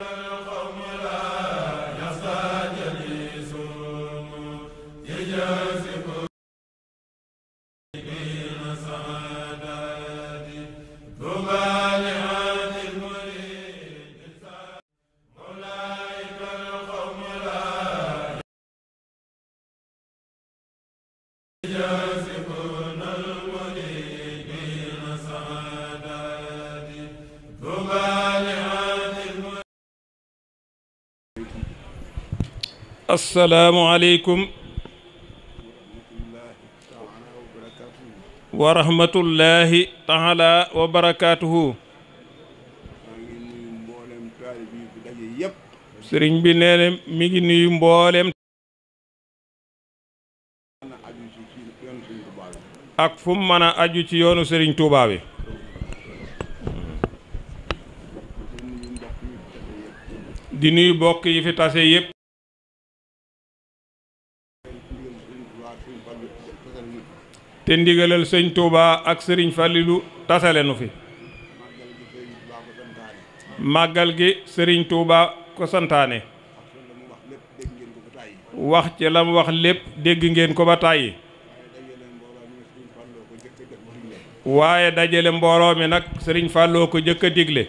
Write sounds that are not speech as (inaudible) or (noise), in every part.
Thank you. asalaamualeykum wa rahmatullahi taala wa barakaatuhu sëriñ bi nee mi ngi nuyu mboolem ak fu mu mën aju ci yoonu sëriñ Touba bi di nuyu bokk yi fi tase yépp te ndigalal sëñ Touba ak sëriñ Fallilou tasale nu fi màggal gi sëriñ tuuba ko santaane wax ci la mu wax lépp dégg ngeen ko ba tàyyi waaye dajale mbooloo mi nag sëriñ Fallou ko jëkk a digle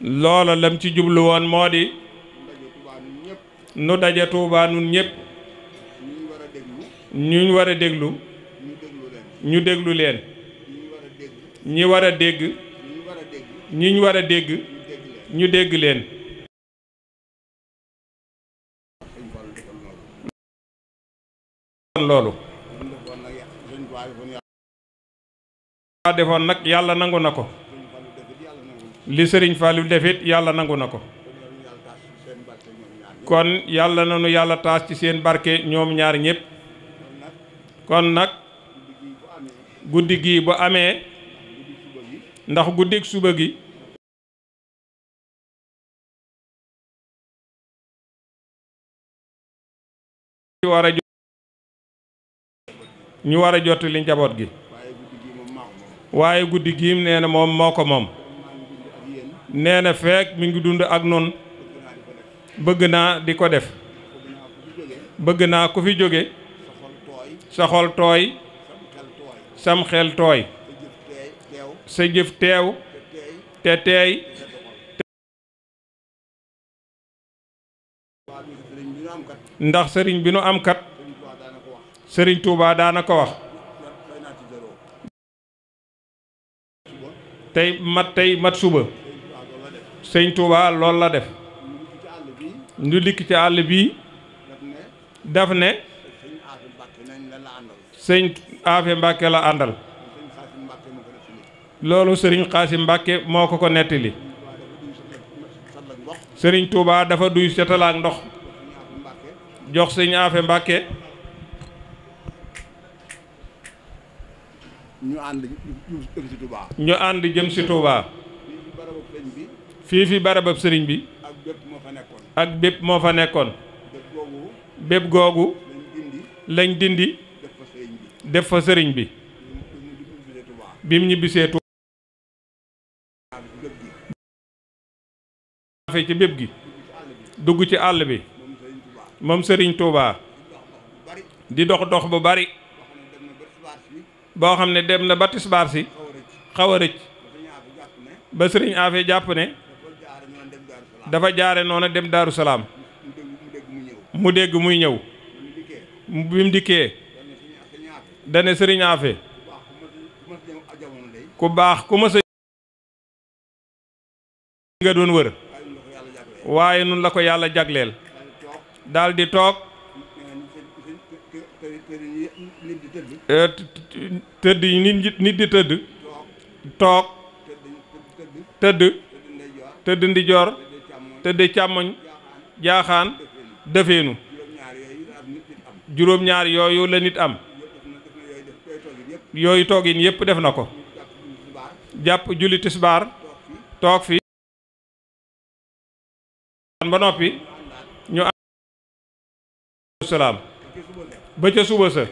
loola lam ci jublu woon moo di nu daje Touba nun ñëpp ñu war a déglu ñu déglu leen ñi war a dégg ñi ñu war a dégg ñu dégg leen loolu waa defoon nag yàlla nangu na ko li sëriñ Fallou defit yàlla nangu na ko kon yàlla nanu yàlla taas ci seen barke ñoom ñaar ñépp kon nag guddi gii bu amee ndax guddik suba gi war a ñu war a jot li njaboot gi waaye guddi giim nee na moom moo ko moom nee na fekk mi ngi dund ak noonu bëgg naa di ko def bëgg naa ko fi jóge sa xol tooy sam tooy sa jëf teew te teey ndax sëriñ bi nu am sëriñ Touba daana ko wax tey mat tey mat suba sëñ Touba loolu la def ñu dikk ci àll bii daf ne sëñ Aafe Mbàkke la àndal loolu sëriñ Xaasim Mbàkke moo ko ko nettali sëriñ Touba dafa duy setal ak ndox jox sëñ Aafe Mbàkke ñu ànd jëm si Touba. ñu ànd jëm si Touba. fii fi barabab sëriñ bi. ak bépp fa nekkoon. ak bépp moo fa nekkoon. bépp googu. lañ dindi. def sëriñ bi bi ñibbisee tu ci bépp gi dugg ci àll bi moom sëriñ Touba di dox dox bu bari boo xam ne dem na ba tisbaar si rëcc ba sëriñ Afe jàpp ne dafa jaare noona dem Daaru Salaam mu dégg muy ñëw bi dikkee dane sëriñ Afe ku baax ku mës a doon wër waaye nun la ko yàlla jagleel daal toog eh, tëdd nit nit di tëdd toog tëdd tëdd ndijoor tëdd càmmoñ jaaxaan dëfeenu juróom-ñaar yooyu la nit am yooyu toog toogin yépp def na ko jàpp julli baar toog fi ba noppi ñu am salaam ba ca suba sa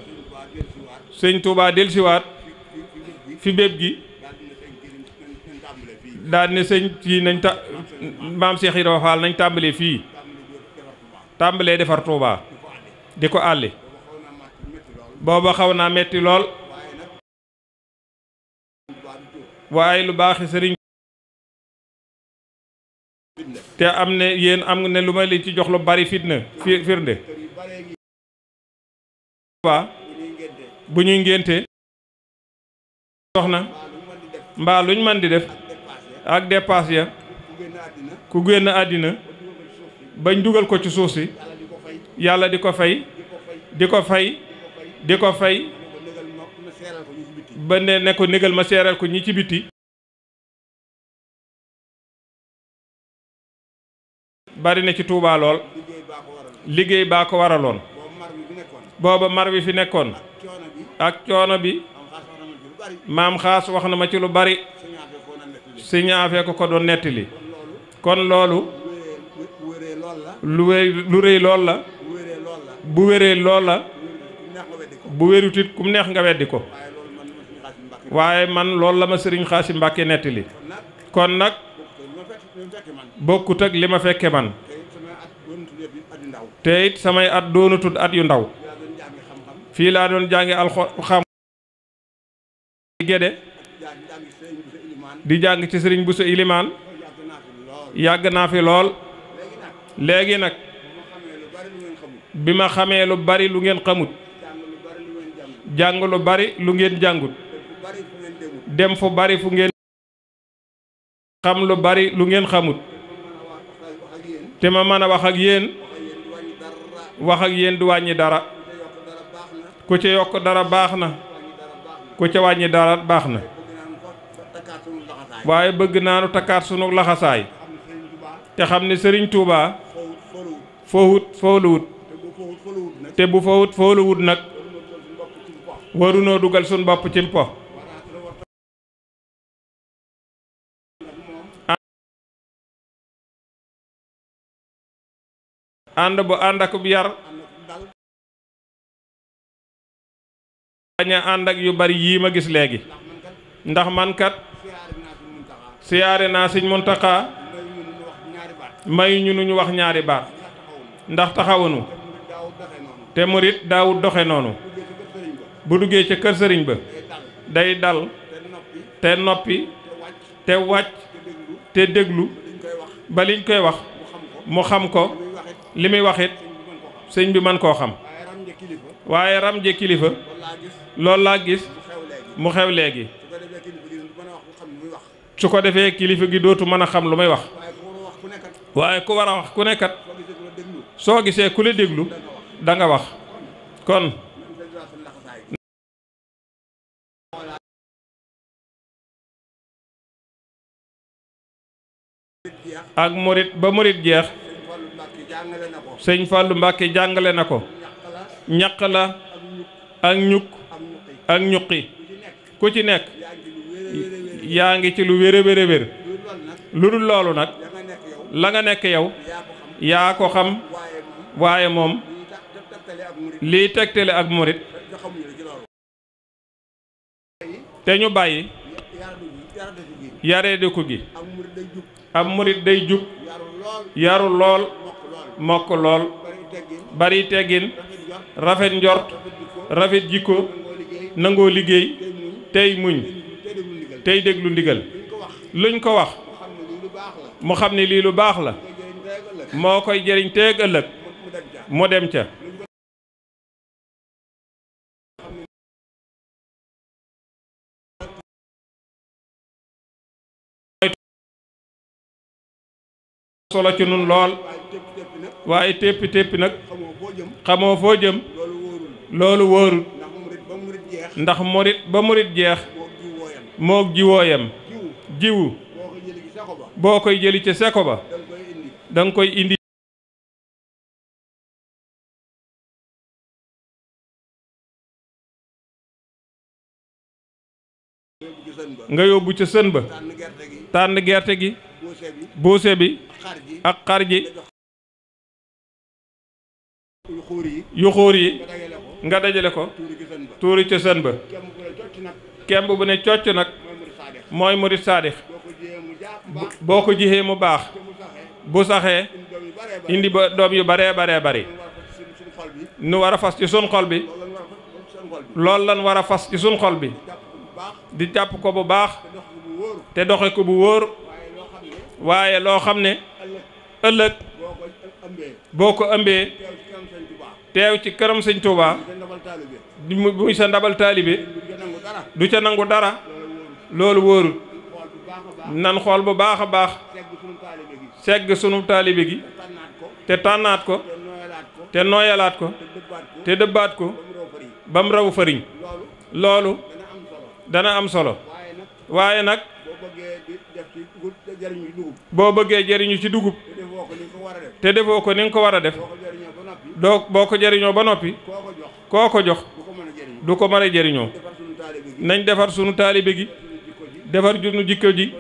sëñ Tuubaa delsiwaat fi béb gi daal ne sëñ ci nañ ta maam Cheikh Ibrahima Fall nañ tàmbalee fii tàmbalee defar Tuubaa di ko àlli booba xaw naa metti lool waaye lu baaxi sëriñ am ne lu may leen ci jox lu bari fitna firnde waa bu ñuy ngénte na mbaa luñ mën di def ak dépasse ya ku génn àddina bañ dugal ko ci suuf si yàlla di ko fay di ko fay di ko fay ba ne ne ko négal ma seeral ko ñii ci biti bari na ci Touba lool liggéey baa ko waraloon booba mar wi fi nekkoon ak coono bi maam xaas wax na ma ci lu bari si ñaafee ko ko doon nettali kon loolu lu wéy lu rëy lool la bu wéree lool la bu wérutit kum neex nga weddi ko waaye man loolu la ma sëriñ Xaasim Mbàkke nettali kon nag bokkut li ma fekke man te samay at doonatut at yu ndaw fii laa doon jànge alxuraan géde di jàng ci sëriñ bu sa ilimaan yàgg naa fi lool léegi nag bi ma xamee lu bari lu ngeen xamut jàng lu bari lu ngeen jàngut dem fu bari fu ngeen xam lu bari lu ngeen xamut te ma mën a wax ak yéen wax ak yéen du wàññi dara ku ci yokk dara baax na ku ca wàññi dara baax na waaye bëgg naa nu takkaat sunu laxasaay te xam ne sëriñ Touba fowut fowluwut te bu fowut fowluwut nag waru noo dugal sunu bopp ci mpo ànd bu ànd akub yar bañ a ànd ak yu bari yii ma gis léegi ndax man kat siyaare naa Sëñ Muntaxa may ñu ñu wax ñaari baat ndax taxawunu te murit daawut doxe noonu bu duggee ca kër sëriñ ba day dal te noppi te wàcc te déglu ba koy wax mu xam ko li muy waxit it sëñ bi mën koo xam waaye ram kilifa loolu laa gis mu xew léegi su ko defee kilifa gi dootu mën a xam lu may wax waaye ku war wax ku nekkat soo gisee ku la déglu danga nga wax kon ak murit ba sëñ Fallou Mbacke jàngale na ko ñaq la ak ñuk ak ñuqi ku ci nekk yaa ngi ci lu wér wér lu dul loolu nag la nga nekk yow yaa ko xam waaye moom lii tegtale ak murit te ñu bàyyi yareediku gi ab murit day jub yaru lool mokk lool bari teggin rafet njort rafet jikko nangoo liggéey tey muñ tey déglu ndigal luñ ko wax mu xam ne lii lu baax la moo koy jëriñ teeg ëllëg mu dem ca solo lool waaye téppi téppi nag xamoo foo jëm loolu wóorul ndax morit ba morit jeex moog jiwooyam jiwu boo koy jëli ca seko ba da nga koy indi nga yóbbu ca sën ba tànn gerte gi buuse bi ak xar ji yu xóor yi nga dajale ko tuuri ca sën ba kemb bu ne cocc nag mooy murit saadix boo ko jixee mu baax bu saxee indi ba doom yu baree baree bari nu war a fas ci sun xol bi loolu lan war a fas ci sun xol bi di jàpp ko bu baax te doxe ko bu wóor waaye loo xam ne ëllëg boo ko ëmbee teew ci këram sëñ Touba muy sa ndabal taalibe du ca nangu dara loolu wóorul nan xool bu baax a baax segg sunu taalibe gi te tànnaat ko te nooyalaat ko te dëbbaat ko ba mu raw fariñ loolu dana am solo waaye nag boo bëggee jëriñu ci dugub te defoo ko ni nga ko war a def doo boo ko jariñoo ba noppi koo ko jox du ko mën a jëriñoo defar sunu taalibe gi defar sunu jikko ji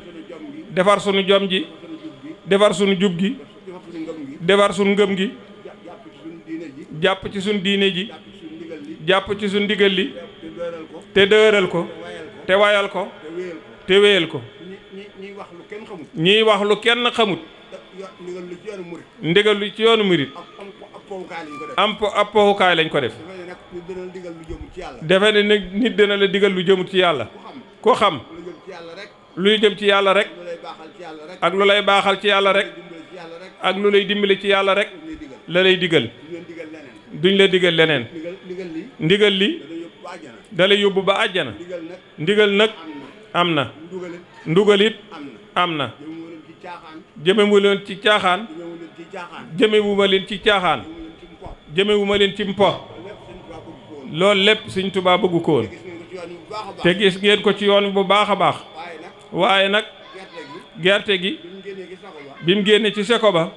defar sunu jom ji defar sunu jub gi defar sunu ngëm gi jàpp ci sunu diine ji jàpp ci sunu ndigal li te dëëral ko te wayal ko te wéyal ko ñiy wax lu kenn xamut ndigal ci yoonu murit ndigal ci yoonu murit am po ab poxukaay lañ ko def. defe ne nag nit dina la digal lu jëmut ci yàlla. ko xam luy jëm ci yàlla rek. ak lu lay baaxal ci yàlla rek. ak lu lay dimbale ci yàlla rek. la lay digal. duñ la digal leneen. ndigal li da lay yóbbu ba àjjana. ndigal nag am na. ndugalit am na. jëme wu ci caaxaan. jëme wu ci caaxaan. jëmewu leen ci mpo loolu lépp sëñ Tuubaa bëggu ko woon te gis ngeen ko ci yoon bu baax a baax waaye nag gerte gi bi mu génne ci seko ba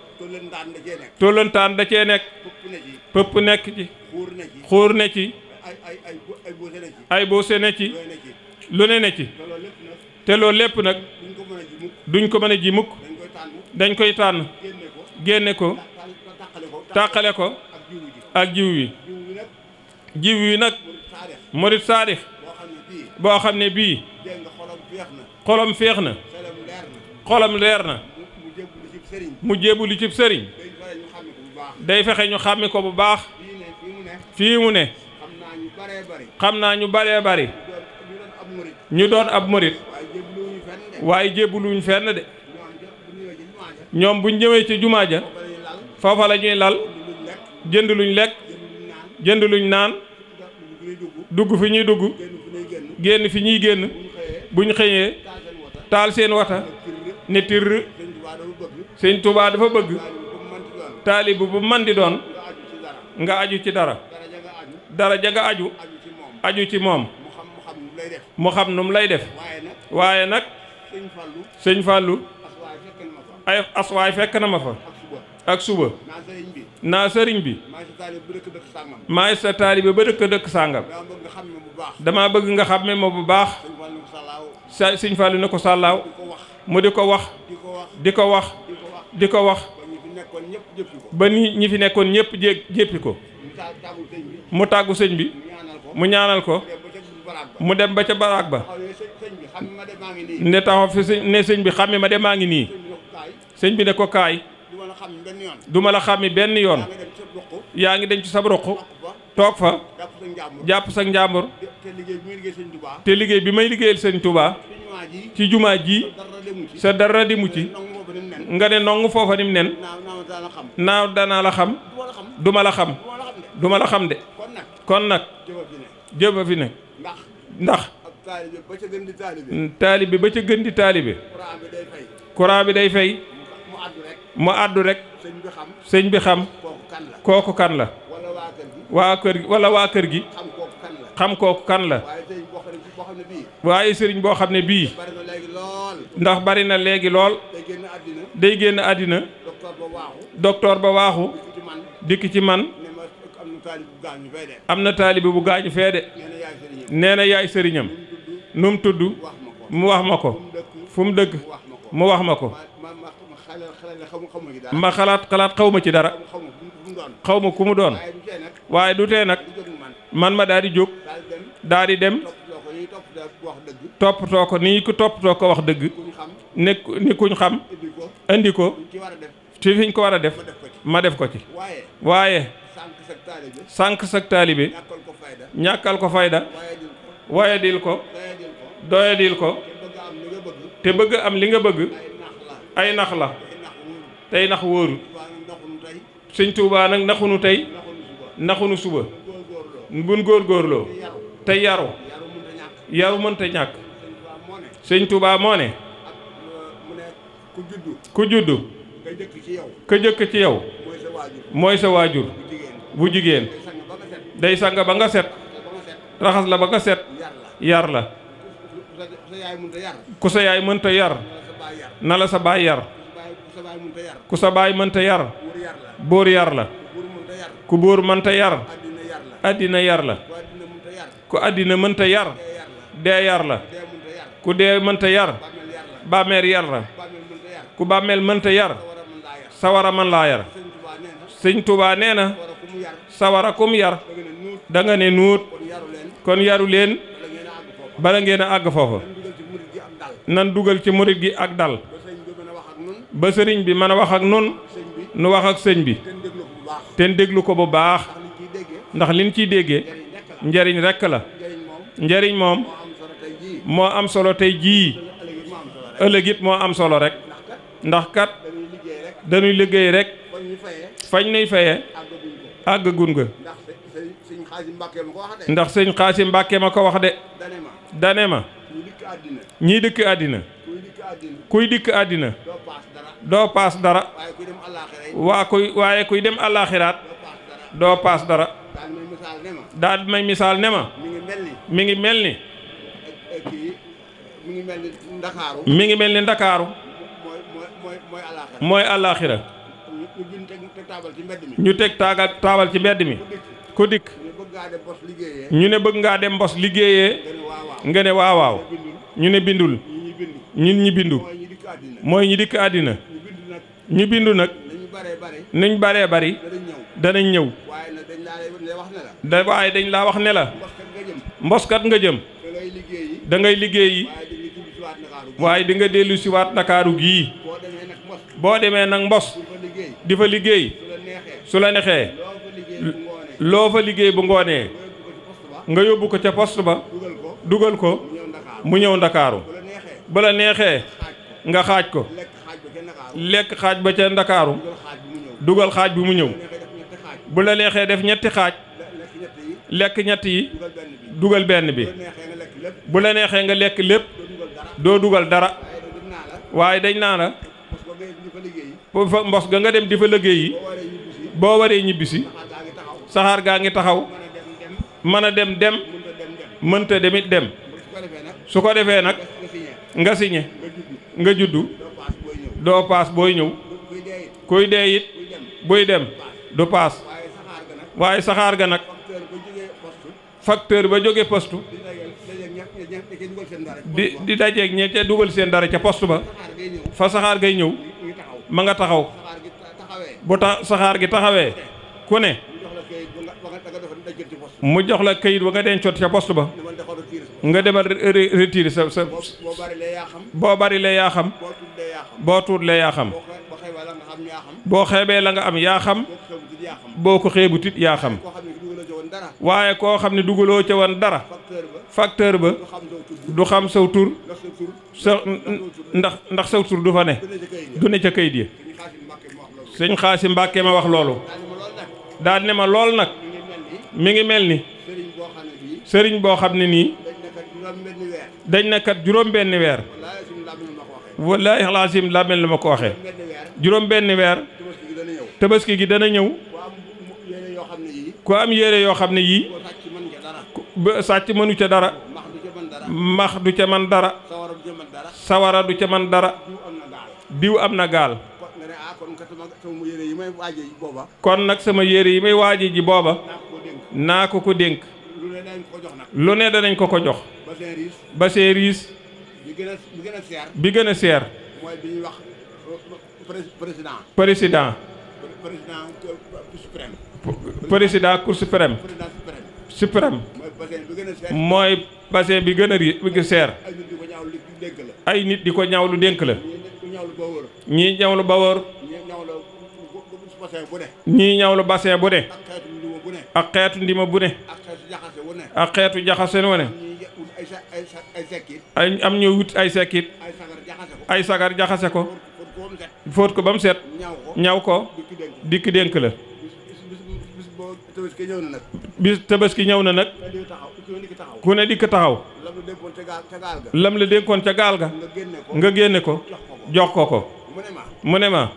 tollantaan da cee nekk pëpp nekk ci xuur ne ci ay boose ne ci lu ne ne ci te loolu lépp nag duñ ko mën a ji mukk dañ koy tànn génne ko tàqale ko ak jiw wi jiw wi nag murit saadix boo xam ne bii xolom féex na xolom leer na mu jébbu li cib sëriñ day fexe ñu xàmme ko bu baax fii mu ne xam naa ñu baree bari ñu doon ab morit waaye jébbuluñ fenn de ñoom buñ ñëwee ci jumaa ja foofa ñuy lal jënd luñ lekk jënd luñ naan dugg fi ñuy dugg génn fi ñuy génn buñ xëyee taal seen wata ne tirr sëñ Tuubaa dafa bëgg taalib bu man di doon nga aju ci dara dara ja nga aju aju ci moom mu xam nu mu lay def waaye nag sëñ Fàllu ay aswaay fekk na ma fa ak suba naa sëriñ bi maay sa taalibe ba dëkk dëkk sàngam dama bëgg nga xam xàmme ma bu baax sa Sëriñ Fallu ne ko sàllaaw mu di ko wax di ko wax di ko wax ba ni ñi fi nekkoon ñépp jé jéppi ko mu tàggu sëñ bi mu ñaanal ko mu dem ba ca baraag ba ne taxaw fi ne sëñ bi xàmme ma de maa ngi nii sëñ bi ne ko kaay du ma xam xàmmi benn yoon yaa ngi dem ci sab roq toog fa jàpp sa njàmbur te liggéey bi may liggéeyal seen Touba ci jumaa ji sa dara di mu ci nga ne nongu foofa nim nen naaw danaa la xam du ma la xam du ma la xam de kon nag jëfa fi ne ndax taalibe ba ca gën di taalibe courant bi day fay mu àddu rek sëñ bi xam kooku kan la waa kër gi wala waa kër gi xam kooku kan la waaye sëriñ boo xam ne bii ndax bari na léegi lool day génn àddina docteur ba waaxu dikk ci man am na taalibe bu gaañu fee de nee na yaay sëriñam nu tudd mu wax ma ko fu mu dëkk mu wax ma ko ma xalaat xalaat xaw ma ci dara xaw ma ku mu doon waaye du tee nag man ma daal di jóg daal di dem toppatoo ko ni ku toppatoo ko wax dëgg ne ni kuñ xam indi ko ci fiñ ko war a def ma def ko ci waaye sànq sag taalibe ñàkkal ko fayda waaye dil ko doyadil ko te bëgg am li nga bëgg ay nax la tey nax wóoru sëñ Tuubaa nag naxunu tey naxunu suba góor góorloo te yaru yaru mënta ñàkk sëñ Tuubaa moo ne ku juddu ka jëkk ci yow mooy waajur bu jigéen day sanga ba nga set raxas la ba nga set yar la ku sa yaay mënta yar na sa baay yar ku sa baay mënta yar bóor yar la ku bóor mënta yar àddina yar la ku àddina mënta yar dee yar la ku dee mënta yar bàmmeel yar la ku bàmmeel mënta yar sawara mën laa yar sëñ Tuubaa nee na sawara kum yar da nga nuut kon yaru leen bala ngeen a àgg foofa nan dugal ci murit gi ak dal ba sëriñ bi mën a wax ak nun nu wax ak sëñ bi ten déglu ko bu baax ndax liñ ciy déggee njariñ rekk la njariñ moom moo am solo tey jii ëllëg it moo am solo rek ndax kat dañuy liggéey rek fañ nay faye àggagun nga ndax sëñ Xaasim Mbàkke ma ko wax de dane ma ñii dëkk àddina kuy dikk àddina doo paas dara waa kuy waaye kuy dem àllaaxiraat doo paas dara daal may misaal ne ma mi ngi mel ni mi ngi mel ni eh, eh, ndakaaru mooy àllaaxira ñu teg taagal taabal ci mbedd mi ku dikk ñu ne bëgg ngaa dem mbos liggéeyee nga waawaaw ñu ne bindul ñu ñi bindu mooy ñi dikk àddina ñu bindu nag nuñ baree bari danañ ñëw da waaye dañ la wax ne la mboskat nga jëm dangay ngay liggéeyi waaye di nga dellu si ndakaaru gii boo demee nag mbos di fa liggéey su la nexee loo fa liggéey bu ngoonee nga yóbbu ko ca poste ba dugal ko mu ñëw ndakaaru ba la neexee nga xaaj ko lekk xaaj ba ca ndakaaru dugal xaaj bi mu ñëw bu la neexee def ñetti xaaj lekk ñetti yi dugal benn bi bu la neexee nga lekk lépp doo dugal dara waaye dañ naa la fa mbos ga nga dem di fa liggéey yi boo waree ñibbisi saxaar gaa ngi taxaw mën a dem dem mënta demit dem su ko defee nag nga signé nga juddu doo paas booy ñëw kuy dee it buy dem du paas waaye saxaar ga nag facteur ba jóge poste di di dajeeg ñe ca dugal seen dara ca poste ba fa saxaar gay ñëw ma nga taxaw bu tax saxaar gi taxawee ku ne mu jox la kayit ba nga dencoot ca post ba nga demal retiré sa sa boo bari le yaa xam boo tuut le yaa xam boo xeebee la nga am yaa xam boo ko xeebut it yaa xam waaye koo xam ne dugaloo ca woon dara facteur ba du xam saw tur sa ndax ndax saw tur du fa ne du ne ca kayit yi sëñ Xaasim Mbàkke ma wax loolu daal ne ma lool nag mi ngi mel ni sëriñ boo xam ne nii dañ na kat juróom-benni weer wallaahi alaasim làmmel la ma ko waxee juróom-benni weer tabaski gi dana ñëw ku am yére yoo xam ne yii sàcc mënu ca dara max du ca man dara sawara du ca man dara diw am na gaal kon nag sama yére yi may waaje ji booba naa ko ko dénk lone ne danañ ko ko jox ba riis bi gën a seer bi gën seer bi ñuy wax euh, président président président euh, cour suprême suprême mooy bassin bi gën a ri seer ay nit di ko ñaaw lu dénk la ñii ñaaw lu ba wóor ñii ñaaw lu bassin bu ne ak xeetu ndima bu ne ak xeetu jaxase wu ne ay am ñoo wut ay sekkit ay sagar jaxase ko fóot ko ba mu set ñaw ko dikk dénk la bis ki ñëw na nag ku ne dikk taxaw lam la dénkoon ca gaal ga nga génne ko jox ko ko mu ne ma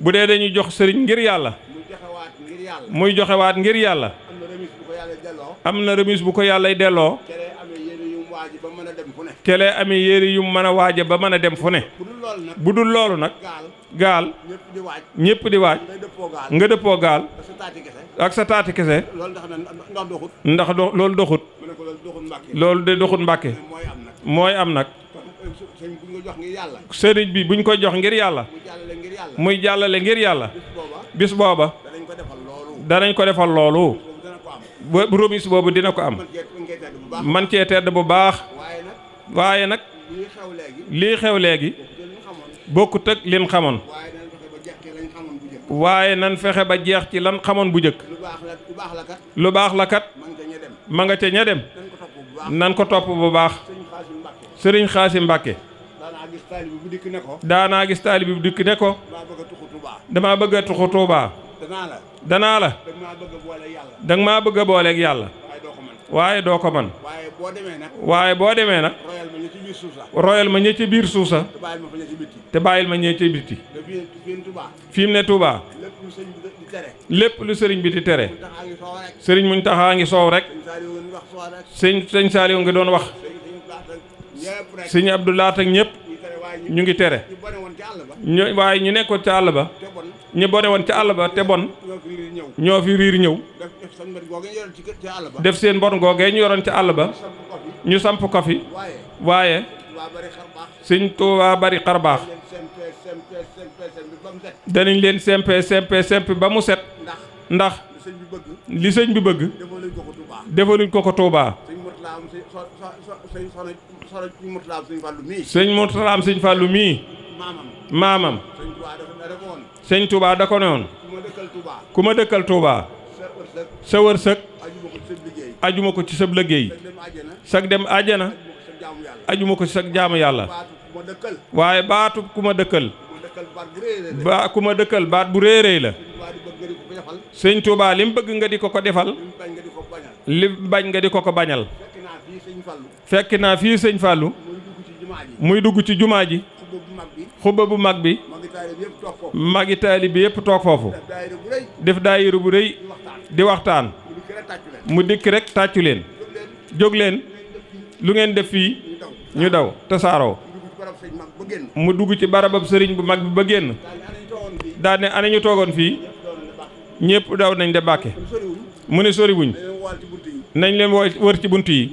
bu dee dañuy jox sëriñ ngir yàlla muy joxewaat ngir yàlla am na remise bu ko yàllay delloo kelee ame yére yu mu mën a waaje ba mën a dem fu ne bu dul loolu nag gaal ñépp di waaj nga dëppoo gaal ak sa taati kese ndax do loolu doxut loolu de doxut mbàkke mooy am nag eh, sëriñ bi buñ ko jox ngir yàlla muy jàllale ngir yàlla bis booba danañ ko defal loolu remise boobu dina ko am man cee tedd bu baax waaye nag lii xew léegi bokkut ak lin xamoon waaye nan fexe ba jeex ci lan xamoon bu njëkk lu baax la kat ma nga ca ña dem nan ko topp bu baax sëriñ xaasi mbàkke daanaa gis taalibi bu dikk ne ko damaa bëgg a tuxu danaa la. danaa la. da nga maa bëgg a booleeg yàlla. waaye doo ko man waaye boo demee nag. waaye boo demee nag. royal ma ñëw biir suusa. royal ma ñëw biir suusa. te bàyyil ma fa ñëw ci te bàyyil ma ñëw ci bitti. fi mu ne Touba. lépp lu sëriñ bi di tere. muñ taxaa ngi soow rek. sëñ sëñ Saaliw ngi doon wax. sëñ Abdou Lahat ak ñëpp. ñu ngi tere ñu waaye ñu nekkoon ca àll ba ñu bone woon ca àll ba te bon ñoo fi riir ñëw def seen bon googee ñu yoroon ca àll ba ñu samp ko fi waaye sëñ Tuubaa bari xar baax danañ leen sempe sempe sempe ba mu set ndax li sëñ bi bëgg defaluñ ko ko Tuubaa solo ci Mourtalaam Sëñ Fàllu mii. sëñ mii. maamam maamam. sëñ Touba da ko ku ma dëkkal Touba. ku ma ajuma ko ci sab liggéey. sag dem àjjana. ajuma ko ci sag jaamu yàlla. waaye baatu ku ma dëkkal. ma dëkkal baat bu réer la. sëñ Touba lim bëgg nga di ko ko defal. li bañ nga di ko ko bañal. fekk naa fii sëñ Fallou muy dugg ci jumaa ji xubba bu mag bi magi bi yépp toog foofu def daayiru bu rëy di waxtaan mu dikk rek tàccu leen jóg leen lu ngeen def fii ñu daw tasaaroo mu dugg ci barabab sëriñ bu mag bi ba génn daane ana toogoon fii ñépp daw nañ de bàkke mu ne soriwuñ nañ leen woo wër ci bunt yi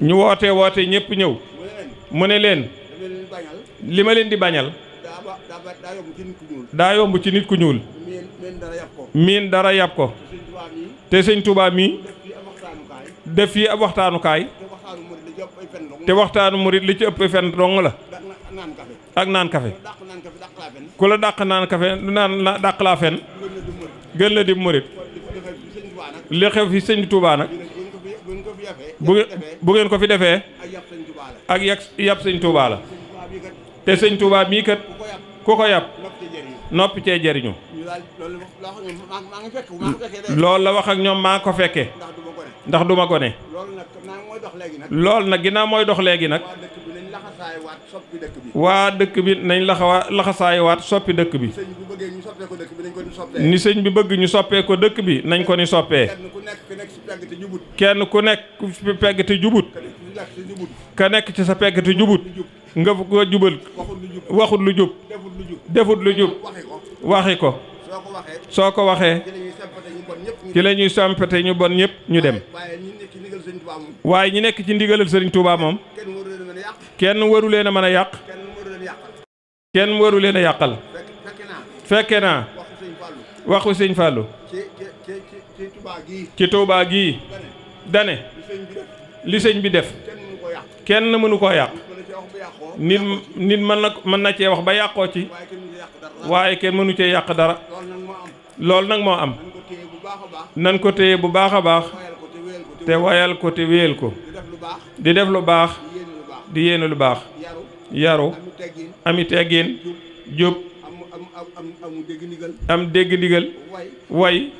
ñu woote woote ñëpp ñëw mu ne leen li ma leen di bañal daa yomb ci nit ku ñuul miin dara yàpp ko te sëñ Tuubaa mii def fii ab waxtaanukaay te waxtaanu murit li ci ëpp fen dong la ak naan kafe ku la dàq naan kafe naan dàq laa fen gën la di murit li xew fi sëñ Touba nag bu bu ngeen ko fi defee ak yàq yàpp sëñ Touba la te sëñ Touba mii kat ku ko yàpp noppi cee jariñu lool la wax ak ñoom maa ko fekke ndax du ma gone loolu nag ginnaaw mooy dox léegi nag waa dëkk bi nañ laxawaa laxasaay waat soppi dëkk bi ni sëñ bi bëgg ñu soppee ko dëkk bi nañ ko ni soppee kenn ku nekk fi pegg te jubut ka nekk ci sa pegg te jubut nga ko jubal waxut lu jub defut lu jub waxi ko soo ko waxee ci la ñuy sampate ñu bon ñëpp ñu dem waaye ñu nekk ci ndigalal sëriñ Touba moom kenn waru leen a mën a yàq kenn waru leen a yàqal fekke naa waxu sëñ Fallou ci Touba gii dane li sëñ bi def kenn mënu koo yàq nit nit mën na mën na cee wax ba yàqoo ci waaye kenn mënu cee yàq dara loolu nag moo am nan ko téye bu baax a baax te wayal ko te wéyal ko di def lu baax di yéene lu baax yaru ami teggin jub am dégg ndigal way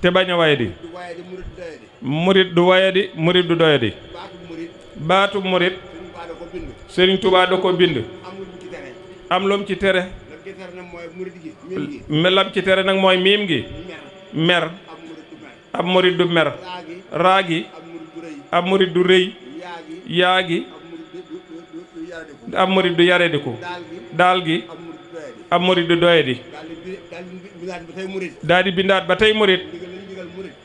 te bañ di murit du waye di murit du doye di baatu murit Sëriñ Tuubaa ko bind am lum ci tere melam ci tere nag mooy miim gi mer ab murit du mer raagi ab murit du rëy yaa gi ab murid du yarediku daal gi ab murid du doyadi daal bindaat ba tey murid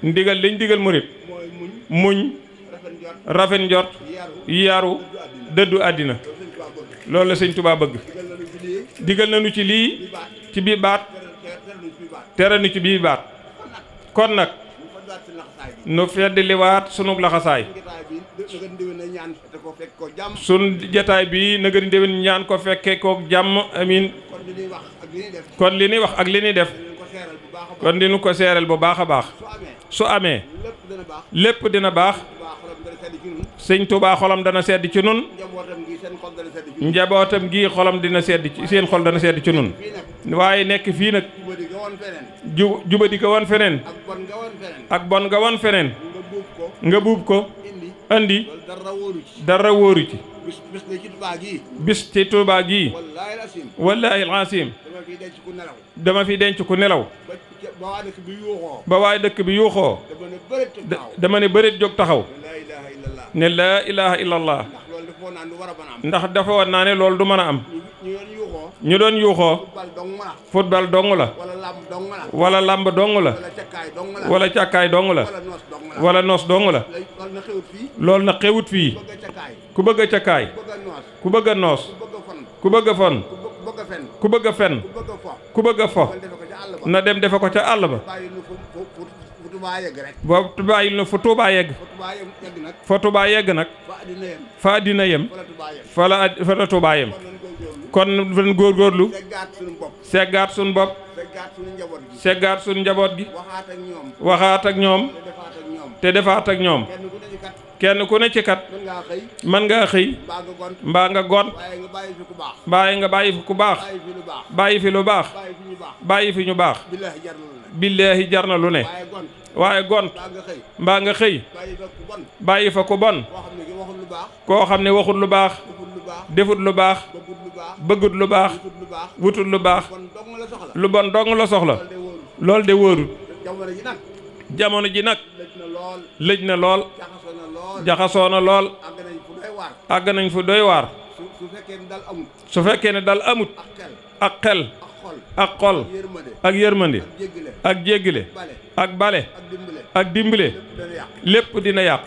ndigal liñ digal murid muñ rafet njort yaru dëddu àddina loolu la sëñ Tuubaa bëgg digal nañu ci lii ci bii baat tere ci bii baat kon nag nu fedd liwaat sunub laxasaay sun jataay bii na gën ñaan ko fekke kook jàmm amin kon li ñuy wax ak li ñuy def kon di nu ko seeral bu baax a baax su amee lépp dina baax sëñ Touba xolam dana sedd ci nun njabootam gii xolam dina sedd ci seen xol dana sedd ci nun waaye nekk fii nag ju jubadi ga woon feneen ak bon ga woon feneen nga buub ko andi dara wóoru ci bis ci Touba gii wallaahi alxasim dama fi denc ku nelaw ba waaye dëkk bi yuuxoo dama ne bëreet jóg taxaw ne laa ilaha illallah ndax dafa woon naa ne loolu du man a am ñu doon yuuxoo football dong la wala làmb dong la wala càkkaay dong la wala noos dong la loolu na xewut fii ku bëgg a càkkaay ku bëgg a noos ku bëgg a fon ku bëgg fen ku bëgg a na dem defe ko ca àll ba Touba yegg rek. boobu Touba yi la fa yegg. fa Touba yegg nag. fa àddina yem. fa la fa la Touba yem. kon fen góorgóorlu. seggaat suñu bopp. seggaat suñu njaboot gi. waxaat ak ñoom. te defaat ak ñoom. kenn ku ne ci kat. mën ngaa xëy. mbaa nga gont. mbaa nga bàyyi fi ku baax. bàyyi fi lu baax. bàyyi fi ñu baax. billaahi jar na lu ne waaye gont mbaa nga xëy bàyyi fa ku bon koo xam ne waxut lu baax defut lu baax bëggut lu baax wutut lu baax lu bon dong la soxla loolu de wóorut jamono ji nag lëj na lool jaxasoo na lool àgg nañ fu doy waar su fekkee ne dal amut ak xel ak xol ak yërmande ak jéggile ak bale ak dimbale lépp dina yàq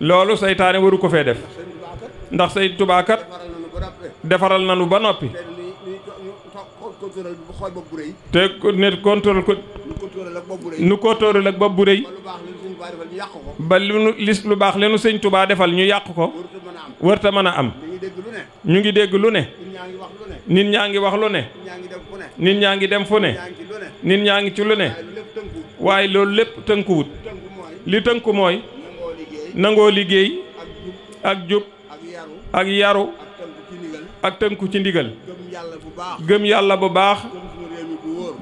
loolu seytaane waru ko fee def ndax say tubaakat defaral nanu ba noppi te ne contrôle ko nu contrôle ak bopp bu rëy ba lu lis lu baax leenu sëñ tubaa defal ñu yàq ko wërta mën a am ñu ngi dégg lu ne nit ñaa ngi wax lu ne nit ñaa ngi dem fu ne nit ñaa ngi ci lu ne waaye loolu lépp tënkuwut li tënku mooy nangoo liggéey ak jub ak yaru ak tënku ci ndigal gëm yàlla bu baax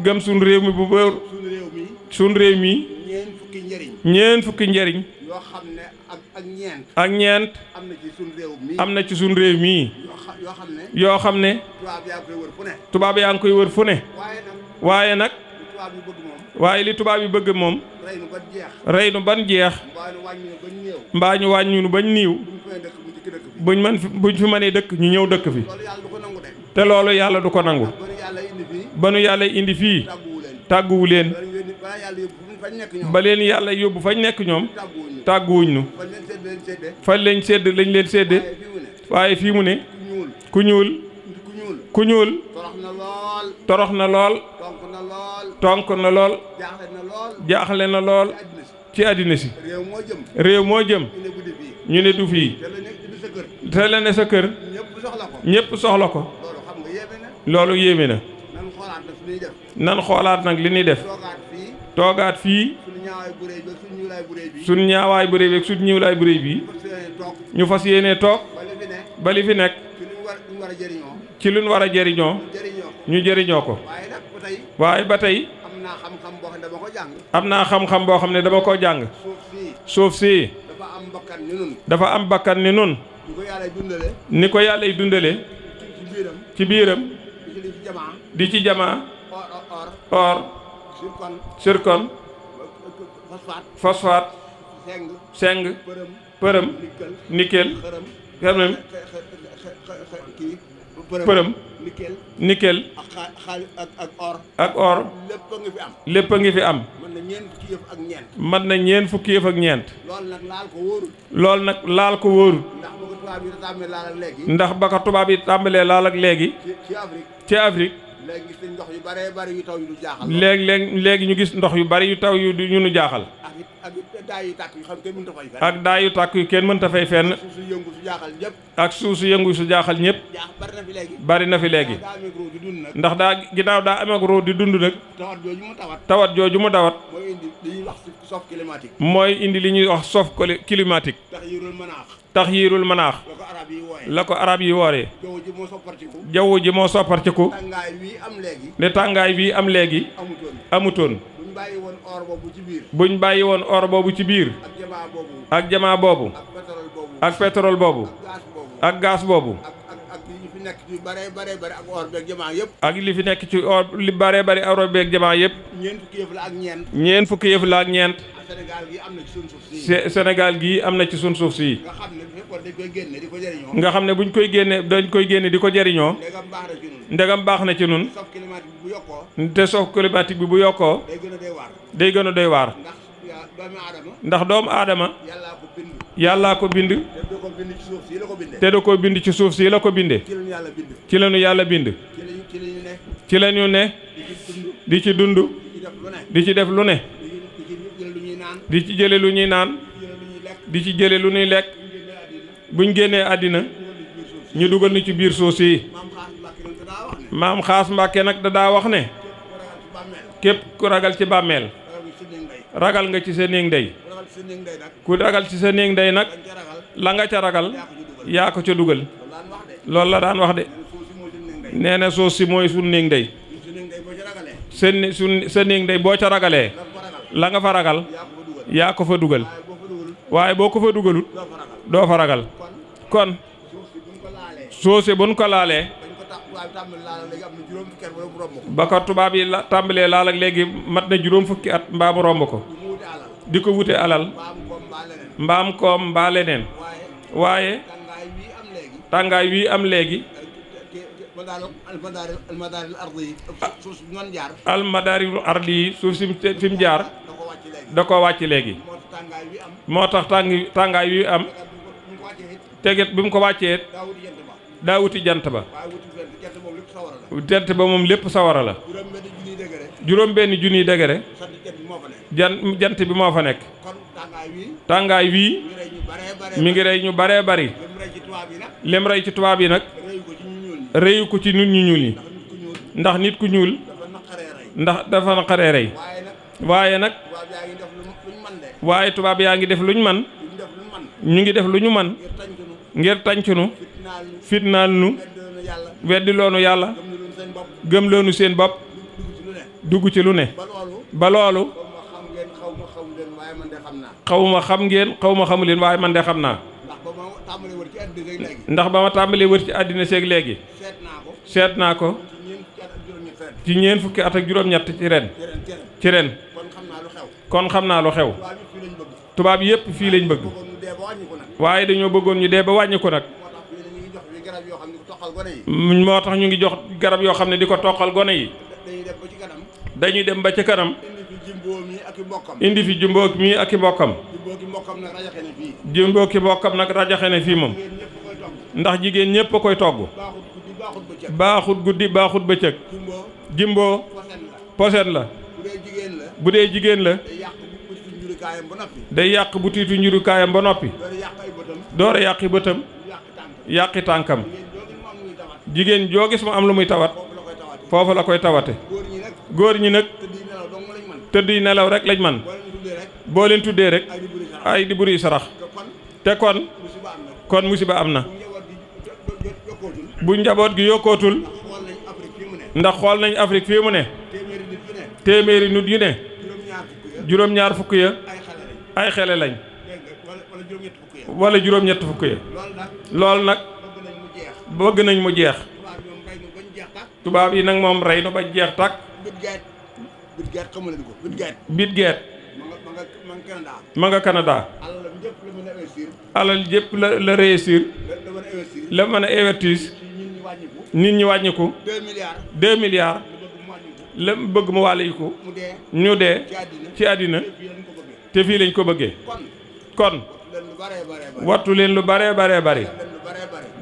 gëm suñ réew mi bu wóor sun réew mi ñeent fukki njëriñ yoo xam ne ak ñeent am na ci sun réew mii yoo xam ne tubaab yaa ngi koy wër fu ne. tubaab yaa ngi koy wër fu ne. waaye nag. waaye li tubaab yi bëgg moom. rey nu ban jeex. rey nu ban mbaa ñu wàññi nu bañ niiw. buñ mën buñ fi mënee dëkk ñu ñëw dëkk fi. te loolu yàlla du ko nangu. ba yàlla indi fii. tàgguwu leen. ba leen yàlla yóbbu fañ nekk ñoom. tàgguwuñ nu. fañ leen sédd lañ leen sedd waaye fii mu ne. ku ñuul. ku ñuul torox na lool tonk na lool jaaxle na lool ci àddina si réew moo jëm ñu ne du fii te la ne sa kër ñépp soxla ko loolu yéeme na nan xoolaat nag li ñuy def toogaat fii suñ ñaawaay bu réy bi ak suñ ñiwlaay bi ñu fas yéene toog ba li fi nekk ci luñ war a jëriñoo ñu jëriñoo ko waaye ba tey am naa xam-xam boo xam ne dama koo jàng suuf sii dafa am bakkan ni nun ni ko yàlla dundale ci biiram di ci jamaa or zircon phosphate seng përëm nikkel xërëm përëm nickel ak or ak or lépp a ngi fi am lépp a ngi fi am mën na ñeent fukki yëf ak ñeent loolu nag laal ko wóorul loolu nag laal ko wóorul ndax ba ko tubaab yi tàmbalee laal ak léegi ci Afrique ci Afrique léegi gis nañ ndox yu bëree bëri yu léegi ñu gis ndox yu bëri yu taw yu du ñu nu jaaxal. ak daa yu tàkk yu kenn mënta fay fenn. ak tàkk yu kenn mënta fay fenn. suuf su yëngu su jaaxal ñëpp. ak suuf su yëngu su jaaxal ñëpp. bari na fi léegi. bari na fi léegi. ndax daa ginnaaw daa am ak di dund nag. tawat jooju mu tawat. tawat mooy indi li ñuy wax sof climatique. climatique. ndax mën a taxyiirul manaax la ko arab yi wooree jaww ji moo soppartiku ne tàngaay bii am léegi amutoon buñ bàyyi woon or boobu ci biir ak jamaa boobu ak pétrole boobu ak gaz boobu nekk ci bare bare ak yëpp. ak li fi nekk ci or li bare bare or beeg jamaa yëpp. ñeent fukki yëf ak ñeent. ñeent fukki la ak ñeent. Sénégal gii am na ci suñ suuf si. gii am na ci suñ suuf si. nga xam ne buñ koy génne dañ koy génne di ko jariñoo ndegam baax na ci ñun. ndegam baax te sof climatique bi bu yokkoo. day gën a doy waar. gën a doy waar. ndax doomu aadama. yàllaa ko bind. ko bind. te da ko bind ci suuf sii la ko bindee. te da ci suuf yàlla bind. ci lañu ci lañu ne. ci di ci dund. def lu di ci def lu ne. di ci jële lu ñuy naan di ci jële lu ñuy lekk buñ génnee àddina ñu dugal ni ci biir suuf si maam xaas mbàkke nag da daa wax ne képp ku ragal ci bàmmeel ragal nga ci sa néeg ndey ku ragal ci sa néeg ndey nag la nga ca ragal yaa ko ca dugal loolu la daan wax de nee na suuf si mooy sun néeg ndey seen sa néeg ndey boo ca ragalee la nga fa ragal yaa ko fa dugal waaye boo ko fa dugalut doo fa ragal kon soose buñ ko laalee ba ko tubaab yi tàmbalee laal léegi mat na juróom fukki at mbaam romb ko di ko wute alal mbaam koom mbaa leneen waaye tàngaay wii am léegi almadaarilu ardi yi suuf si mu jaar da ko wàcc léegi moo tax tàng tàngaay wi am teget bi mu ko wàccee daa wuti jant ba jant ba moom lépp sawara la juróom benn junniy degré jan jant bi moo fa nekk tàngaay wii mi ngi rey ñu baree bari lim rey ci tubaab yi nag reyu ko ci nit ñu ñuul yi ndax nit ku ñuul ndax dafa naqaree rey waaye nag waaye tubaab yaa ngi def lu luñ man ñu ngi def lu ñu man ngir tàncunu fitnaal nu weddi loonu yàlla gëm seen bopp dugg ci lu ne ba loolu xaw ma xam ngeen xaw ma xamu leen waaye man de xam naa ndax ba ma tàmbalee wër ci àddina seeg léegi seet naa ko ci ñeent fukki at ak juróom-ñett ci ren. ci ren kon xam naa lu xew. tubaab yépp fii lañ bëgg. waaye dañoo bëggoon ñu dee ba wàññi ko nag. moo tax ñu ngi jox garab yoo xam ne di ko toqal gone yi. dañuy dem ba ci kanam. indi fi jumbook mii ak i mbokkam. jumbook ki mbokkam nag rajaxe ne fii moom. ndax jigéen ñépp koy togg. baaxut guddi baaxut bëccëg. Jimbo poset la bu dee jigéen la day yàq bu tiitu njurukaayam ba noppi door a yàqi bëtam yàqi tànkam jigéen joo mu am lu muy tawat foofu la koy tawate góor ñi nag tëdd nelaw rek lañ man boo leen tuddee rek ay di buri sarax te kon kon musiba am na bu njaboot gi yokkootul ndax xool nañu Afrique fii mu ne téeméeri nit yu ne juróom-ñaar fukk ya ay xale lañ wala juróom-ñett fukk ya loolu nag bëgg nañ mu jeex tubaab yi nag moom rey nu ba jeex tàkk bit geet ma nga Canada alal jëpp la la réussir la mën a avertir nit ñi wàññiku deux milliards la bëgg mu wàll ñu dee ci àddina te fii lañ ko bëggee kon wattu leen lu bare bare bari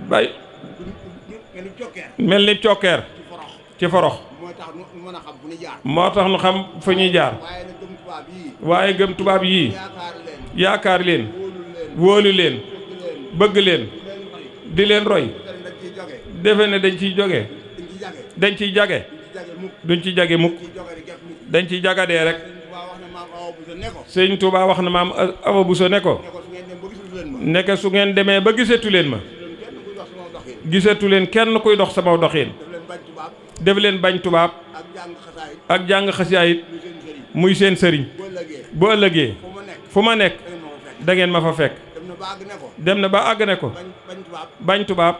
bay mel ni cokkeer ci forox moo tax nu xam fu ñuy jaar waaye gëm tubaab yii yaakaar leen wóolu leen bëgg leen di leen roy defe ne dañ ciy joge dañ ciy jage duñ ci jage mukk dañ ciy jagadee rek sëñ Touba wax na maam Awa Bousso ne ko nekk su ngeen demee ba gisatu leen ma gisatu leen kenn kuy dox sama doxiin def leen bañ tubaab ak jàng xasaayit muy seen sëriñ bu ëllëgee fu ma nekk da ngeen ma fa fekk dem na ba àgg ko bañ tubaab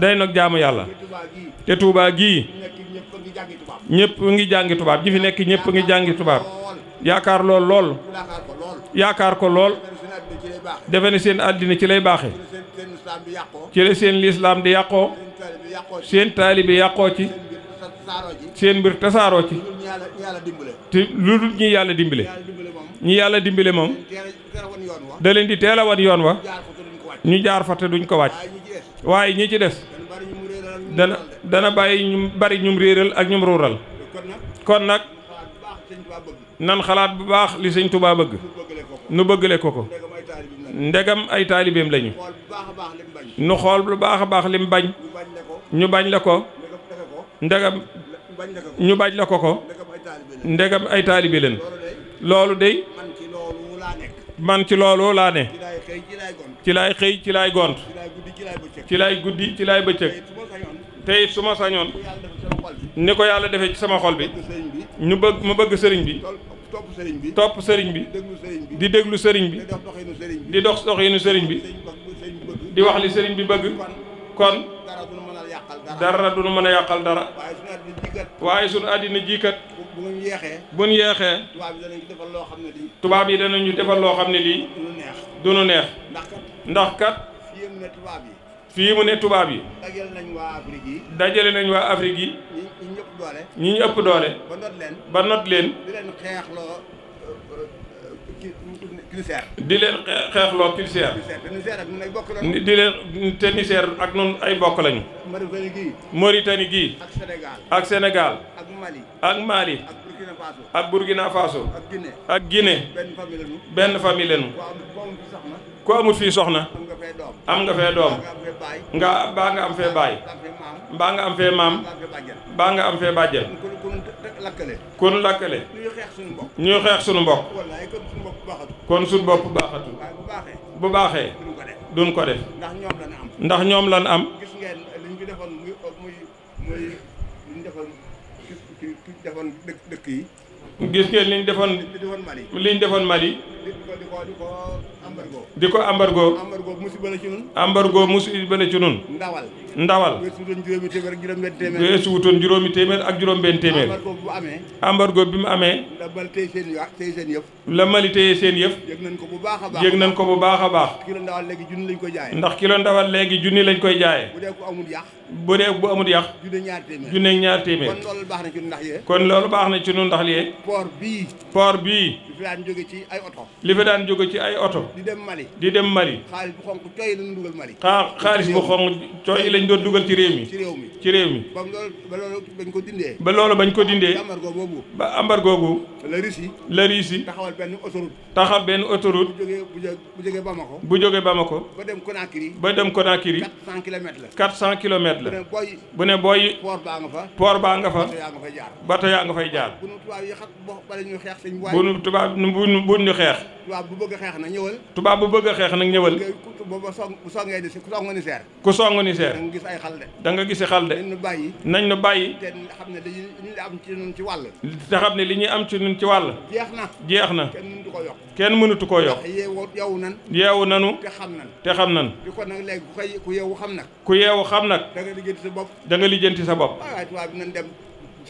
day nag jaamu yàlla te tuubaa gii ñëpp ngi jàngi tubaab ji fi nekk ñëpp ngi jàngi tubaab yaakaar lool lool yaakaar ko lool defe ne seen àddina ci lay baaxe ci la seen lislaam di yàqoo seen taalibi yàqoo ci seen mbir tasaaroo ci te lu dul ñi yàlla dimbale ñi yàlla dimbale moom da leen di teel a wan yoon wa ñu jaar fa te duñ ko wàcc waaye ñi ci des dana dana bàyyi ñu bari ñum réeral ak ñum ruural kon nag nan xalaat bu baax li sëñ Tuubaa bëgg nu bëggale ko ko ndegam ay taalibeem lañu nu xool lu baax a baax lim bañ ñu bañ la ko ndegam ñu bañ la ko ko ndegam ay taalibe leen loolu day man ci loolu laa ne ci laay xëy ci laay gont ci laay guddi ci laay bëccëg tey su ma sañoon ni ko yàlla defee ci sama xol bi ñu bëgg ma bëgg sëriñ bi topp sëriñ bi topp sëriñ bi di déglu sëriñ bi di dox doxinu sëriñ bi di wax li sëriñ bi bëgg kon dara du nu mën a yàqal dara waaye suñu àddina jiikat bu ñu yeexee. bu ñu yeexee. tubaab yi danañu defal loo xam ne tubaab yi danañu defal loo xam ne lii. du nu neex du neex. ndax kat ndax fii mu ne tubaab yi. fii mu tubaab yi. dajale nañ waa Afrique yi. dajale nañ waa Afrique yi. ñi ñi ñu ëpp doole. ñi ñu ëpp doole. ba not leen. ba not leen. di leen di leen xeexloo Pulsar. di leen te Niger ak noonu ay bokk lañu. Mauritanie gii. ak Sénégal. ak Mali. ak Burkina Faso. ak Guinée. benn famille lañu. benn famille lañu. ku amul fii soxna am nga fee doom nga baa nga am fee baay mbaa nga am fee maam baa nga am fee bàjjen kon lakkale ñuy xeex suñu mbokk kon suñu bopp baaxatu bu baaxee duñ ko def ndax ñoom lan am gis ngeen liñ defoon liñ defoon Mali di ko ambargo ambargo musiba la ci nun ambargo musiba la ci nun ndawal ndawal weesu wutoon juróomi téeméer ak juróom-benn téeméer embargo bi mu amee la mali téye seen yëf la mali téye seen yëf yëg nañ ko bu baax a baax nañ ko bu baax a baax kilo ndawal léegi junni lañ koy jaay ndax kilo ndawal léegi junni lañ koy jaaye bu dee bu amul yàq bu dee bu amul junne ñaar téeméer kon loolu baax na ci nu ndax yee kon loolu baax na ci nu ndax yee port bii port bii li fi daan jóge ci ay oto li fi daan jóge ci ay oto di dem mali di dem mali xaalis bu xonq cooy lañ dugal mali xaalis bu doon dugal ci réew mi. ci réew mi ci réew mi. ba loolu bañ ko dindee. ba loolu bañ ko dindee. ba ambar googu. la Russie. la Russie. taxawal benn autoroute. taxawal benn autoroute. bu jógee bu jógee Bamako. bu jógee Bamako. ba dem Conakry. ba dem Conakry. 400 kilomètres la. 400 kilomètres la. bu ne booy. bu ne booy. port baa nga fa. port baa bato yaa nga fay jaar. bato yaa nga fay jaar. bu nu tubaab yi xat bu nu tubaab bu nu bu xeex. tubaab bu bëgg a xeex nag ñëwal. tubaab bu bëgg xeex nag ñëwal. booba song bu songee ku songu ni seer. ku songu ni seer. da nga gis ay xal de. da nga gis xal de. nañ nu bàyyi. nañ ne dañuy li am ci ci wàll. ñuy am ci ñun ci wàll. jeex na jeex na. kenn mënatu koo yokk kenn mënatu koo yokk. yeewu yeewu nan. yeewu nanu. te xam nan te xam nan. di ko nag léegi ku yeewu xam nag. ku yeewu xam nag. da nga lijjanti sa bopp. danga lijjanti sa bopp. waaw waaye tubaab dem.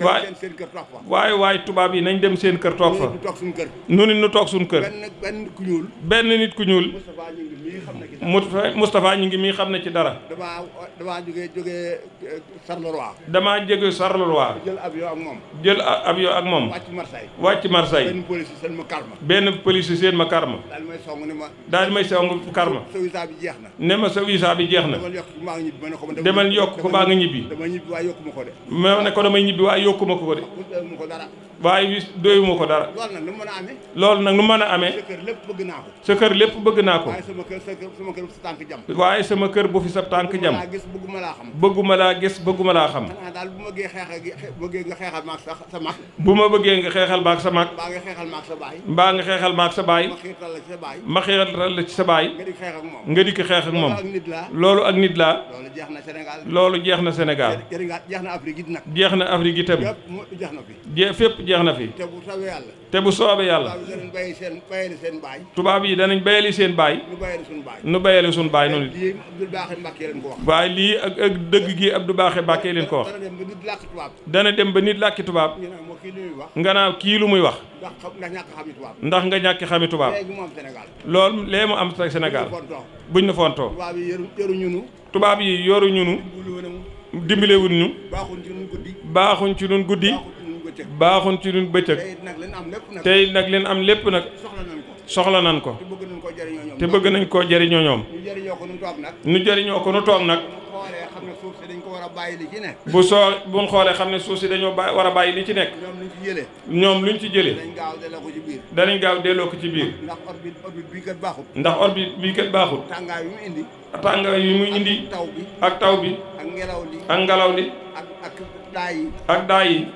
waay seen kër toog fa waay waay tubaab yi nañ dem seen kër toog fa nu toog suñu kër nu nit nu toog suñu kër benn ku ñuul benn nit ku ñuul Moustapha ñu ngi mii xam ne ci dara damaa damaa jógee jógee Charleroi damaa jógee Charleroi jël ab yoo moom jël avion ak moom wàcc Marseille wàcc Marseille benn police seen ma karma benn police seen ma karma daal may song ne ma daal may song karma bi jeex na ne ma sa visa bi jeex na demal yokk ko baa nga ñibbi demal ko baa nga ñibbi dama ñibbi waaye yokku ma ko de ma ne ko damay ñibbi waaye yokkuma ko ko de. waaye wis doyuma ko dara. loolu nag nu man a amee. loolu nag nu mën a amee. sa kër lépp bëgg naa ko. sa kër lépp bëgg naa ko. waaye sama kër sama kër bu fi sa tànk jam. waaye sama kër bu fi sa tànk jam. bëgguma gis bëgguma xam. bëgguma laa gis bëgguma laa xam. daal bu ma bëggee xeexal maag sa mag. bu ma bëggee nga xeexal maag sa mag. mbaa nga xeexal maag sa baay. mbaa nga xeexal maag sa baay. ma xiirtal la ci sa baay. nga dikk xeex ak moom. loolu ak nit laa. loolu jeex na Sénégal. jeex na Afrique yi tam. jeex na jeex na fi. te bu soobee yàlla. te bu soobee yàlla. tubaab yi danañ bayali seen baay. nu bayali suñu baay noonu. waaye lii ak ak dëgg gi Abdou Baaxe Mbàkke leen ko wax. dana dem ba nit làkki tubaab. nga naa kii lu muy wax. ndax nga ñàkk xami tubaab. loolu lee mu am Sénégal. buñ na fontoo. tubaab yi yoruñu nu. dimbalewuñu. baaxuñ ci nun guddi. bëccëg baaxun ci dun bëccëg tey nag leen am lépp nag soxla nan ko te bëgg nañ koo jëriñoo ñoom nu jëriñoo ko nu toog nag bu soo buñ xoolee xam ne suuf si dañoo ba war a bàyyi li ci nekk ñoom luñ ci jëlee danañ gaaw delloo ko ci biir ndax orbite bii kat baaxut ndax orbite bii kat baaxut tàngaay yu muy indi tàngaay yu muy indi ak taw bi ak ngelaw li ak ngelaw li ak daa yi ak daa yi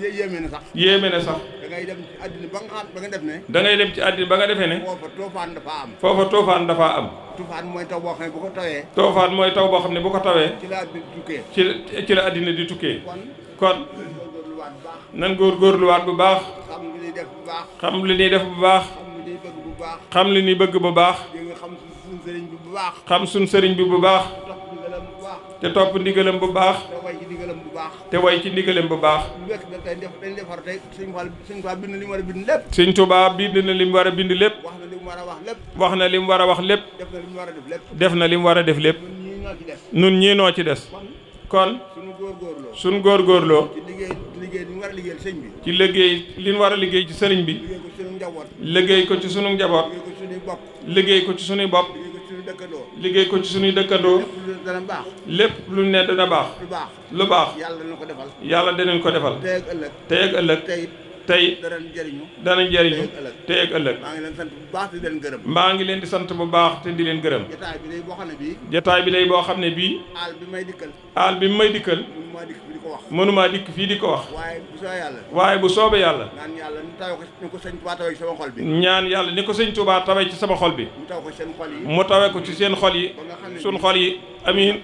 yéeme na sax. yéeme na sax. da ngay dem ci àddina ba nga ba ne. da dem ci àddina ba nga defee ne. foofa toofaan dafa am. foofa toofaan dafa am. toofaan mooy taw boo xam ne bu ko tawee. toofaan mooy taw boo xam ne bu ko tawee. ci la àddina di tukkee. ci ci la àddina di tukkee. kon nan góorgóorluwaat bu baax. xam li ñuy def bu baax. xam li ñuy def bu baax. xam li ñuy bëgg bu baax. xam suñ sëriñ bi bu baax. xam suñ sëriñ bi bu baax. te topp ndigalam bu baax. ndigalam bu baax te way ci ndigalam bu baax lu nekk nag tey def dañ defar tey sëñ Fall sëñ Tuubaa bind na li mu war a bind lépp sëñ Tuubaa bind na li wax na li mu war a wax lépp a wax lépp def na li mu a def lépp a def lépp nun ñii noo ci des kon suñu góorgóorloo suñu góorgóorloo ci liggéey li ñu war a liggéey sëñ bi ci liggéey li ñu a liggéey ci sëriñ bi liggéey ko ci suñu njaboot liggéey ko ci suñu bopp liggéey ko ci suñuy dëkkandoo. lépp lu baax. lépp lu ne dana baax. lu baax lu baax. yàlla danañ ko defal. yàlla danañ ko defal. tey ak ëllëg tey ak ëllëg. tey danañ jëriñu danañ jëriñu tey ak ëllëg maa ngi leen sant bu baax te di maa ngi leen di sant bu baax te di leen gërëm jataay bi lay boo xam ne bii bi lay boo xam ne bii aal bi may dikkal aal bi may dikkal mënumaa dikk fii di ko wax dikk fii di ko wax waaye bu soobee yàlla waaye bu soobee yàlla ñaan yàlla ni taw ko ni ko sëñ Tuubaa tawee ci sama xol bi ñaan yàlla ni ko sëñ Tuubaa tawee ci sama xol bi mu ko seen xol yi mu tawee ko ci seen xol yi suñ xol yi amiin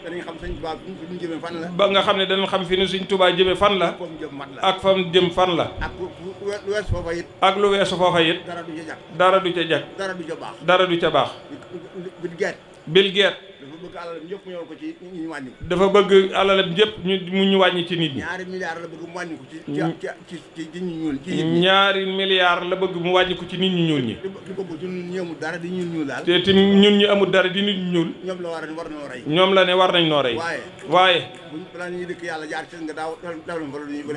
ba nga xam ne danañ xam fi ni sëñ Tuubaa jëme fan la ak fan jëm fan la lu weesu foofa ak lu weesu foofa it. dara du ca jag. dara du ca jag. dara du ca baax. dara du ca baax. Bill Gates. Bill Gates. bëgg alal ñëpp ko ci ñu wàññi ko dafa bëgg alal ñëpp ñu ñu wàññi ci nit ñi ñaari milliards la bëgg mu wàññi ci mm. la bëgg mu wàññi ko ci nit ñu ñuul ñi ki bëgg ci ñun di ñuul ñuul ñu amul dara di nit ñu ñuul ñoom la war war noo rey la ne war nañ noo rey waaye waaye balaa ñuy dikk yàlla jaar seen nga daaw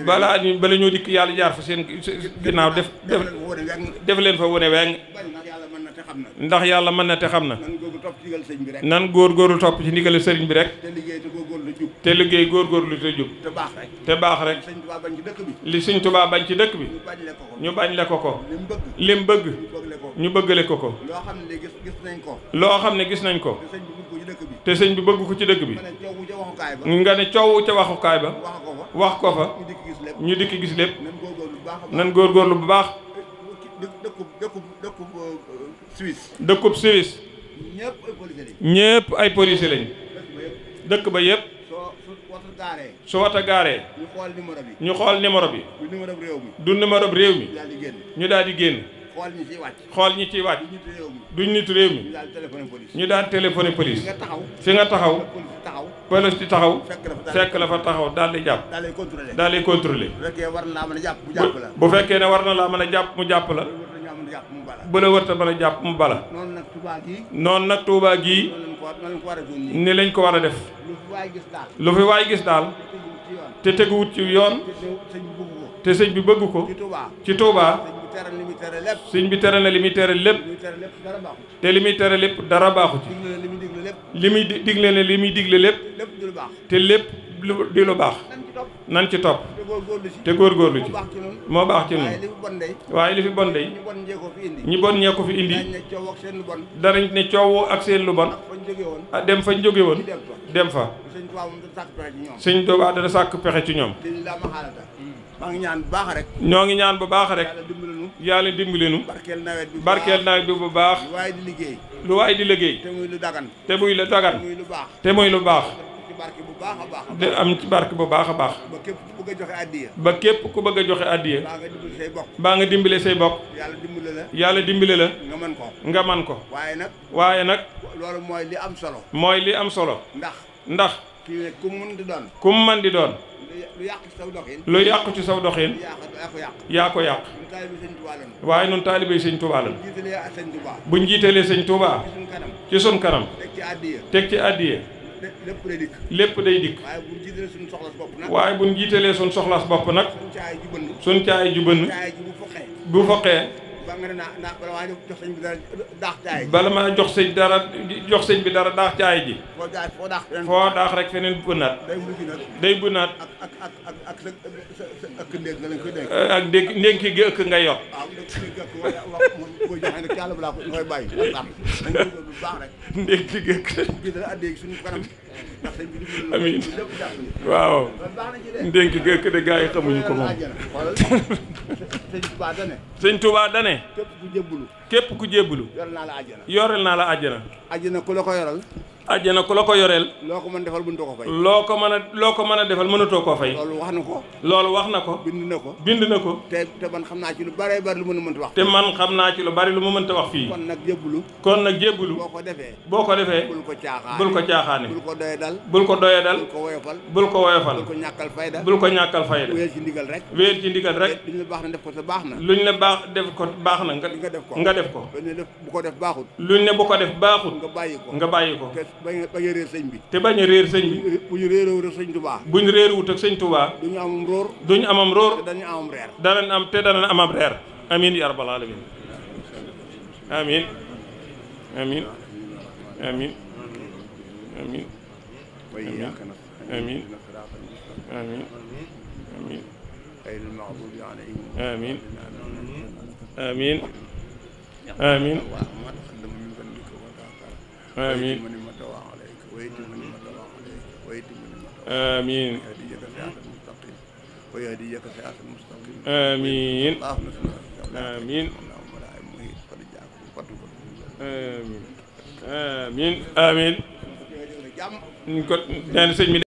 balaa ñu bala dikk yàlla jaar fa seen ginnaaw def def leen fa wone weng ndax yàlla mën na te xam na nan góorgóorlu topp ci ndigalu sëriñ bi rek te liggéey góorgóorlu te jub te baax rek li sëñ Tuubaa bañ ci dëkk bi ñu bañ le ko ko lim bëgg ñu bëggale ko ko loo xam ne gis nañ ko te sëñ bi bëgg ko ci dëkk bi nga ne coow ca waxukaay ba wax ko fa ñu dikk gis lépp nan góorgóorlu bu baax Suisse. dëkkub Suisse. ñëpp ay policier lañ. dëkk ba yëpp. su wata gaaree. ñu xool numéro bi. ñu xool numéro bi. du numéro réew mi. du numéro réew mi. ñu daal di génn. xool ñi ciy wàcc. xool ñi ciy wàcc. duñ nit réew mi. ñu daan téléphoné police. fi nga taxaw. police di taxaw. fekk la fa taxaw daal di jàpp. daal di contrôlé. bu fekkee war a jàpp mu jàpp la. bu fekkee ne war laa mën a jàpp mu jàpp la. bu la wërta mën jàpp mu bala noonu nag Touba gii noonu nag Touba gii ni lañ ko war a def lu fi waay gis daal te teguwut ci yoon te sëñ bi bëgg ko ci Touba sëñ bi tere na li muy tere lépp te li muy tere lépp dara baaxu ci li muy digle ne li muy digle lépp te lépp di lu baax nan ci topp te góorgóorlu ci moo baax ci nun waaye li fi bon day ñi bon ñee ko fi indi danañ ne coow ak seen lu bon ah dem fañ jóge woon dem fa suñ Tuubaa dana sàkk pexe ci ñoom maa ñaan baax rek. ñoo ngi ñaan bu baax rek. yàlla dimbali nu. barkeel nawet bi bu baax barkeel nawet bi bu baax. lu waay di liggéey. lu waay di liggéey. te muy lu dagan. te muy lu dagan. te baax. te muy lu baax. barke bu baax a baax. dina bu baax a baax. ba képp ku bëgg a joxe addiya. ba képp ku bëgg a joxe addiya. baa nga dimbale say bokk. baa nga dimbale say bokk. yàlla dimbale la. yàlla dimbale la. nga man ko. nga man ko. waaye nag. waaye nag. loolu mooy li am solo. mooy li am solo. ndax. ndax. kii nag ku mu mën di doon. ku mu di doon. lu yàq ci saw doxin. lu yàq ci saw doxin. yaa ko yàq. yaa ko yàq. waaye noonu taalibe sëñ Tuubaa lan. buñ jiitelee sëñ Tuubaa. ci suñ kanam. teg ci addiya. teg ci addiya. lépp day dikk. lépp day dikk. waaye bu ñu jiitalee suñu soxlas bopp nag. waaye bu ñu jiitalee suñu soxlas bopp nag. suñ caay ju bënn. suñ caay ju bënn. bu foqee. bala maa jox sëñ dara jox sëñ bi dara daax caay ji. foo daax rek feneen bu naat. day bu naat. ak ak ak ak ak eh, ak ndénki gi ëkk nga yor. ndénki gi ëkk. (laughs) amiin waaw ndénk gëkk de gars yi xamuñu ko moom sëñ Touba dane képp ku jébbalu képp ku jébbalu yorel naa la naa la àjjana àjjana ku la ko yoral àjjana ku la ko yoreel. loo ko mën defal mënutoo ko fay. loo ko mën a loo ko mën a defal mënutoo koo fay. loolu wax na ko. loolu wax na ko. bind na ko bind na ko. te te man xam naa ci lu bari bari lu mu mënta wax. te man xam naa ci lu bari lu mu mënta wax fii. kon nag jébbalu. kon nag jébbalu. boo ko defee boo ko defee. bul ko caaxaane bul ko caaxaane. bul ko doye dal bul ko doye dal. bul ko woyofal bul ko woyofal. bul ko ñàkkal fayda bul ko ñàkkal fayda. wéer ci ndigal rek. wéer ci ndigal rek. luñ la baax na def ko te baax na. luñ la baax def ko baax na nga def ko nga def ko. luñ ne bu ko def baaxut. luñ ne bu ko def baaxut. nga bàyyi ko nga bàyyi ko bañ bañ sëñ bi te bañ a réer sëñ bi buñ ñu wu ak sëñ tubaa bu ñu réerewut ak sëñ tubaa duñu amam róor duñu amam reer danañ am te danañ amam reer amin ya rabbal alamin amin amin amin amin amin amin آمين ويهديك صراط المستقيم آمين آمين آمين آمين آمين